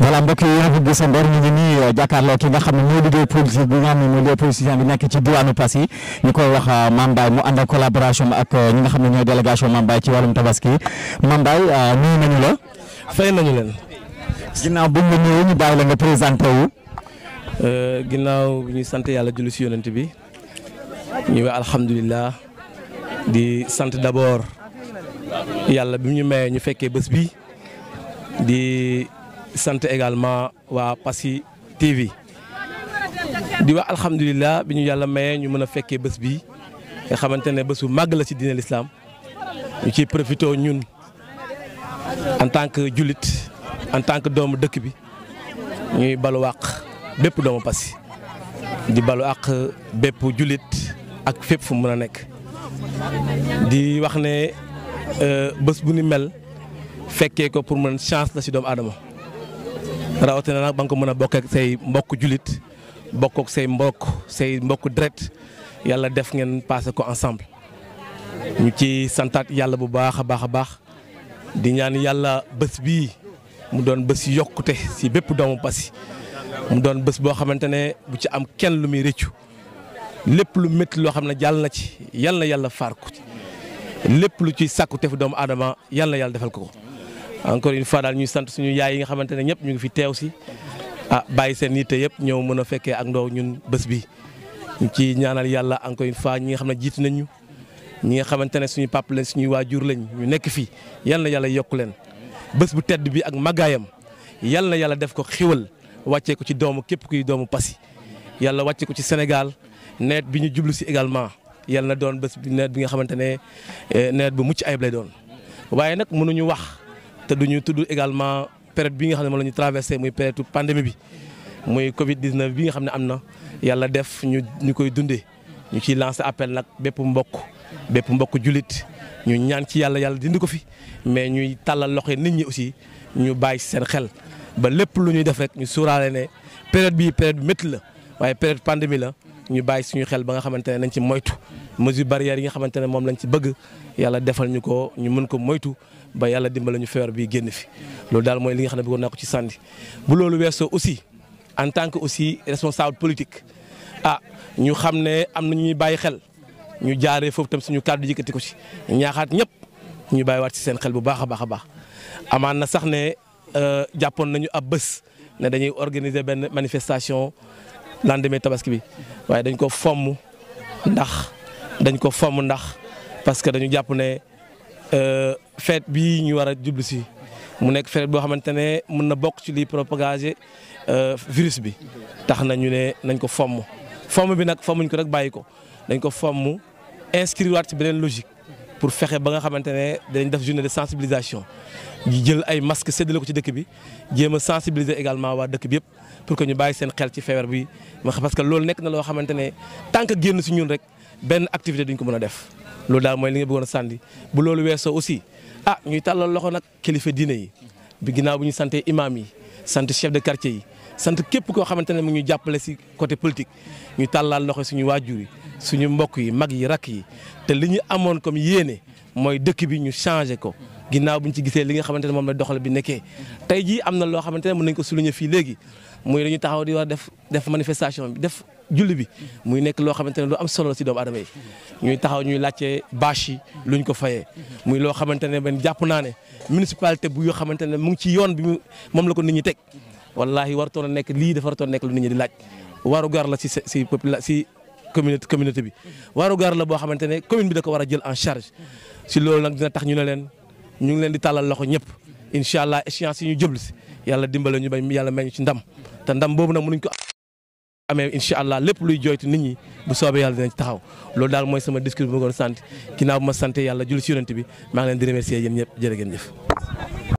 voilà mbokk yi yéen a ko gisandoor ñu ngi nii euh, jàkkaarloo ki nga xam ne mooy liggéey politique bi nga xam ne mooy liggéey politicien bi nekk ci diwaanu Passy yi ñu koy wax euh, Mame Mbaye mu ànd ak collaboration ak euh, ñi nga xam ne ñooy délégation Mame Mbaye ci wàllum tabaski Mame Mbaye nuyu nañu la. fay nañu leen. ginnaaw bu ñu nuyoo ñu bàyyi la nga présenté wu. ginnaaw bi ñu sant yàlla julli si yonent bi ñu wax alhamdulilah di sant d' abord yàlla bi ñu mayee ñu fekkee bës bi sant également waa Passy TV di wax alhamdulilah bi ñu yàlla mayee ñu mën a fekkee bés bi nga xamante ne bésu màgg la ci diine lislaam ñu ci profité ñun en tant que jullit en tant que doomu dëkk bi ñuy balu àq bépp doomu Passy di balu àq bépp jullit ak fépp fu mën a nekk di wax ne euh, bés bu ni mel fekkee ko pour mën chance la ci doomu aadama rawatina nag ba nga ko mën a bokkeek say mbokk julit bokkook say mbokk say mbokk direct yàlla def ngeen passé ko ensemble. ñu ci santaat yàlla bu baax a baax a baax di ñaan yàlla bés bii mu doon bés yokkute si bépp doomu Passy mu doon bés boo xamante ne bu ci am kenn lu muy rëccu lépp lu métti loo xam ne jàll na ci yàlla yàlla faar lépp lu ci sàkku tefu doomu aadama yàlla yàlla defal ko. encore une fois daal ñuy sant suñu yaay yi nga xamante ne ñëpp ñu ngi fi teew si ah bàyyi seen yitte yëpp ñëw mën a fekkee ak ndaw ñun bés bi ñu ci ñaanal yàlla encore une fois ñi nga xam ne jiitu nañ ñi nga xamante ne suñu papa lañ suñuy waajur lañ ñu nekk fii yal na yàlla yokk leen bës bu tedd bi ak màggaayam yal na yàlla def ko xiwal wàccee ko ci doomu képp kuy doomu Passy yàlla wàccee ko ci Sénégal nawet bi ñu jublu si également yal na doon bés bi nawet bi nga xamante ne eh, nawet bu mucc ayib lay doon waaye nag mënuñu wax te du ñu tudd également période bi nga xam ne moom la ñu traversé muy période pandémie bi muy Covid 19 bi nga xam ne am na yàlla def ñu ñu koy dundee ñu ciy lancé appel nag bépp mbokk bépp mbokk julit ñu ñaan ci yàlla yàlla dindi ko fi mais ñuy tàllal loxo nit ñi aussi ñu bàyyi seen xel ba lépp lu ñuy def rek ñu suuraale ne période bi période métti la waaye période pandémie la ñu bàyyi suñu xel ba nga xamante ne nañ ci moytu. mesures barrières yi nga xamante ne moom lañ ci bëgg yàlla defal ñu ko ñu mën ko moytu ba yàlla dimbale ñu feebar bi génn fi loolu daal mooy li nga xam ne bëggoon naa ko ci sànni bu loolu weesoo aussi en tant que aussi responsable politique ah ñu xam ne am na ñuy bàyyi xel ñu jaaree foofu tam suñu kàddu yëkkati ko si ñaaxaat ñëpp ñu waat ci seen xel bu baax a baax baax amaan na sax ne euh, jàppoon nañu ab bés ne dañuy organiser benn manifestation lendemain tabaski bi waaye dañ ko fomm ndax. dañ ko fomm ndax parce que dañu jàpp ne euh, fête bii ñu war a jublu si mu nekk fête boo xamante ne mën na bokk ci liy propager euh, virus bi tax na ñu ne nañ ko fomm fomm bi nag fommuñ ko rek bàyyi ko dañ ko fomm inscrire waat ci beneen logique pour fexe ba nga xamante ne dañ def journée de sensibilisation di jël ay masques séddale ko ci dëkk bi jéem a sensibiliser également waa dëkk bi yëpp pour que ñu bàyyi seen xel ci feebar bi parce que loolu nekk na loo xamante ne tant que génn si ñun rek. benn activité duñ ko mën a def loolu daal mooy li nga bëggoon a sànni bu loolu weesoo aussi a ah, ñuy tàllal loxo nag kilifa diine yi bi ginnaaw bu ñu santee imam yi sant chef de quartier yi sant képp koo xamante ne mu ngi ñu jàppale si côté politique ñu tàllal loxo suñu waajur yi suñu mbokk yi mag yi rakk yi te li ñu amoon comme yéene mooy dëkk bi ñu changé ko ginnaaw bu ñu ci gisee li nga xamante ne moom la doxal bi nekkee tey jii am na loo xamante ne mën nañ ko souligner fii léegi muy dañuy taxaw di war def def manifestation bi def julli bi muy nekk loo xamante loo lu am solo si doomu aadama yi ñuy taxaw ñuy laajte bâche yi luñ ko fayee muy loo xamante ne ben jàpp naa ne municipalité bu yoo xamante ne mu ngi ci yoon bi moom la ko nit ñi teg wallahi wartoon a nekk lii dafa wartoon nekk lu nit ñi di laaj warugar la si si popula si communauté communauté bi warugar la boo xamante ne commune bi da ko war a jël en charge si loolu nag dina tax ñu ne leen ñu ngi leen di tàllal loxo ñëpp incha allah échéance yi ñu jëblu si yàlla dimbale ñu bañ yàlla may ñu ci ndam amee incha allah lépp luy jooytu nit ñi bu soobee yàlla dinañ taxaw loolu daal mooy sama discours bu ma ko sant ginnaaw bu ma sant yàlla julli si yonent bi maa ngi leen di remercier yéen ñëpp jërë ngeen jëf